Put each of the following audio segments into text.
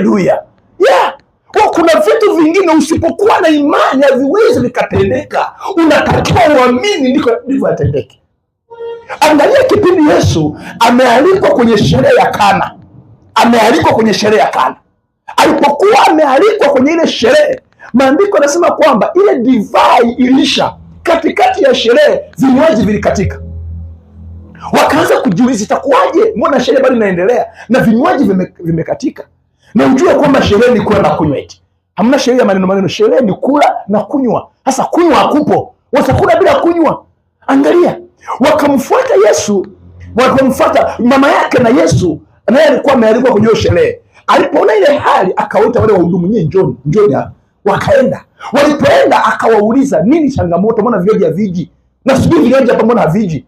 Haleluya, yeah. Kuna vitu vingine usipokuwa na imani haviwezi vikatendeka, unatakiwa uamini ndiko ndivyo atendeke. Angalia kipindi Yesu amealikwa kwenye sherehe ya Kana, amealikwa kwenye sherehe ya Kana. Alipokuwa amealikwa kwenye ile sherehe, maandiko anasema kwamba ile divai ilisha katikati ya sherehe, vinywaji vilikatika. Wakaanza kujiuliza itakuwaje, mbona sherehe bado inaendelea na vinywaji vimekatika? vime na ujue kwamba sherehe ni kula na kunywa. Eti hamna sherehe ya maneno maneno, sherehe ni kula na kunywa. Sasa kunywa hakupo, watakula bila kunywa. Angalia, wakamfuata Yesu, wakamfuata mama yake na Yesu naye alikuwa amealikwa kwenye sherehe. Alipoona ile hali, akawaita wale wahudumu, nyie njoni, njoni hapa. Wakaenda, walipoenda akawauliza, nini changamoto? Mbona vioja viji Na sijui vioja hapa mbona haviji?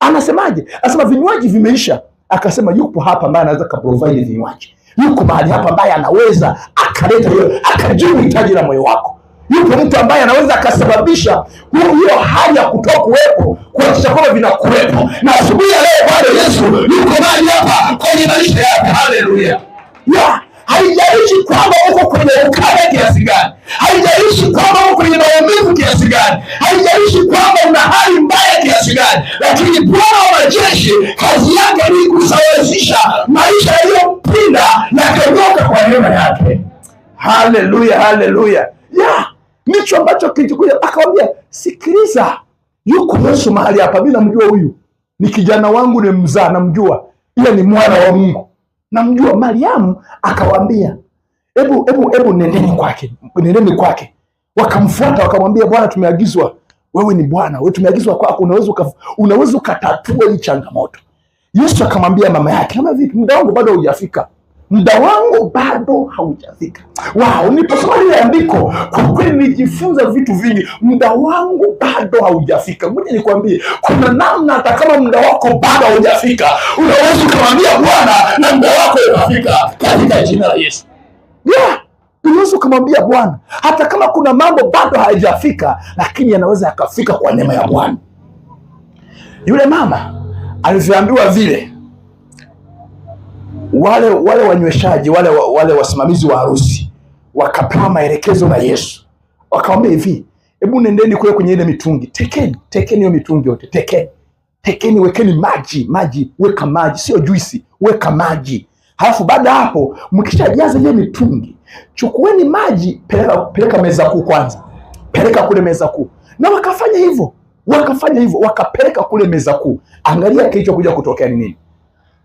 Anasemaje? Anasema vinywaji vimeisha. Akasema yupo hapa ambaye anaweza kaprovide vinywaji Yuko mahali hapa ambaye anaweza akaleta hiyo, akajua uhitaji la moyo wako. yupo mtu ambaye anaweza akasababisha hiyo hali ya kutoa kuwepo kuhakikisha kwamba vinakuwepo, na asubuhi ya leo bado Yesu yuko mahali hapa kwenye maisha yake. Haleluya! Haijalishi kwamba uko kwenye ukame kiasi gani, haijalishi kwamba uko kwenye maumivu kiasi gani, haijalishi kwamba una hali mbaya kiasi gani, lakini mtumishi kazi yake ni kusawazisha maisha yaliyopinda na kwa neema yake. Haleluya, haleluya ya nicho ambacho kilikuja, akawambia sikiliza, yuko Yesu mahali hapa, mi namjua huyu, ni kijana wangu, ni mzaa, namjua ila ni mwana wa Mungu, namjua. Mariamu akawambia ebu ebu ebu nendeni kwake, nendeni kwake. Wakamfuata wakamwambia, Bwana, tumeagizwa wewe ni Bwana, wewe tumeagizwa kwako, unaweza unaweza ukatatua hii changamoto. Yesu akamwambia mama yake, kama vipi, muda wangu bado haujafika muda wangu bado haujafika. Wao, niliposoma lile andiko kwa kweli nijifunza vitu vingi. Muda wangu bado haujafika. Ngoja nikwambie, kuna namna, hata kama muda wako bado haujafika, unaweza ukamwambia Bwana na muda wako unafika, katika jina la Yesu yeah. Unaweza ukamwambia Bwana hata kama kuna mambo bado hayajafika, lakini yanaweza yakafika kwa neema ya Bwana. Yule mama alivyoambiwa vile, wale wale wanyweshaji wale, wale wasimamizi wa harusi wakapewa maelekezo na Yesu, wakawambia hivi, hebu nendeni kule kwenye ile mitungi, tekeni tekeni hiyo mitungi yote, tekeni tekeni, wekeni maji maji, weka maji, sio juisi, weka maji. Halafu baada hapo mkishajaza ile mitungi chukueni maji, peleka, peleka meza kuu kwanza, peleka kule meza kuu. Na wakafanya hivyo, wakafanya hivyo, wakapeleka kule meza kuu. Angalia kilichokuja kutokea ni nini?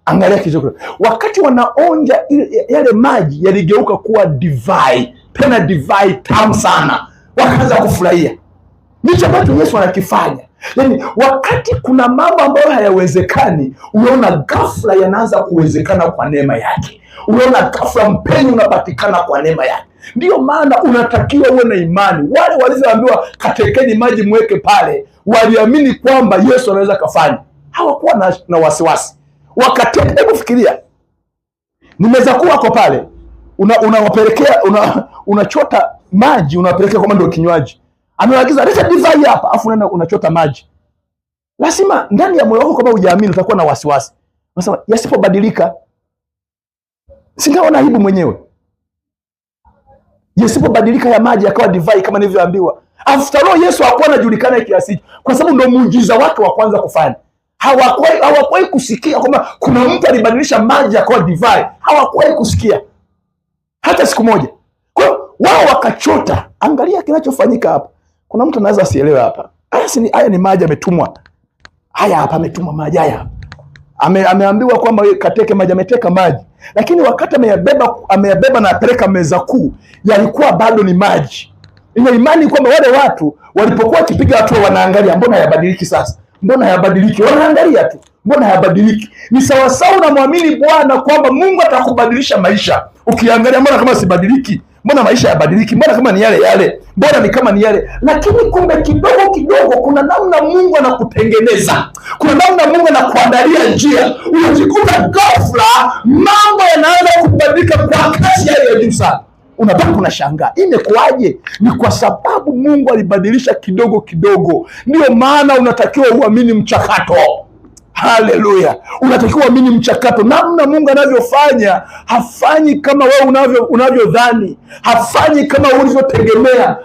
Angalia kilichokuja wakati wanaonja yale maji, yaligeuka kuwa divai, tena divai tamu sana, wakaanza kufurahia. Ndicho ambacho Yesu anakifanya Yani wakati kuna mambo ambayo hayawezekani, unaona ghafla yanaanza kuwezekana kwa neema yake, unaona ghafla mpenyi unapatikana kwa neema yake. Ndiyo maana unatakiwa uwe na imani. Wale walivyoambiwa katekeni maji mweke pale, waliamini kwamba Yesu anaweza kafanya, hawakuwa na, na wasiwasi wakatenda. Hebu fikiria, nimeweza kuwa ako pale, unawapelekea una unachota una maji unawapelekea kwamba ndio kinywaji amewaagiza leta divai hapa, afu unaenda unachota maji. Lazima ndani ya moyo wako kama hujaamini utakuwa na wasiwasi, unasema yasipobadilika, sitaona aibu mwenyewe, yasipobadilika ya maji yakawa divai kama nilivyoambiwa. After all, Yesu hakuwa anajulikana kiasi hicho, kwa sababu ndio muujiza wake wa kwanza kufanya. Hawakuwahi hawakuwahi kusikia kwamba kuna mtu alibadilisha maji yakawa divai, hawakuwahi kusikia hata siku moja. Kwa hiyo wao wakachota. Angalia kinachofanyika hapa kuna mtu anaweza asielewe hapa. Haya ni maji ametumwa. Haya hapa ametumwa maji haya. Ame, ameambiwa kwamba kateke maji, ameteka maji, lakini wakati ameyabeba ameyabeba na apeleka meza kuu, yalikuwa bado ni maji. Ina imani kwamba wale watu walipokuwa wakipiga watu wanaangalia mbona hayabadiliki. Sasa mbona hayabadiliki, wanaangalia tu, mbona hayabadiliki. Ni sawasawa, muamini Bwana kwamba Mungu atakubadilisha maisha, ukiangalia mbona kama sibadiliki mbona maisha yabadiliki, mbona kama ni yale yale, mbona ni kama ni yale. Lakini kumbe kidogo kidogo, kuna namna Mungu anakutengeneza, kuna namna Mungu anakuandalia njia, unajikuta ghafla mambo yanaanza kubadilika kwa kasi ya juu sana unabaki unashangaa, imekuwaje? Ni kwa sababu Mungu alibadilisha kidogo kidogo. Ndiyo maana unatakiwa uamini mchakato. Haleluya! Unatakiwa mini mchakato, namna Mungu anavyofanya. Hafanyi kama wewe unavyodhani, unavyo hafanyi kama ulivyotegemea.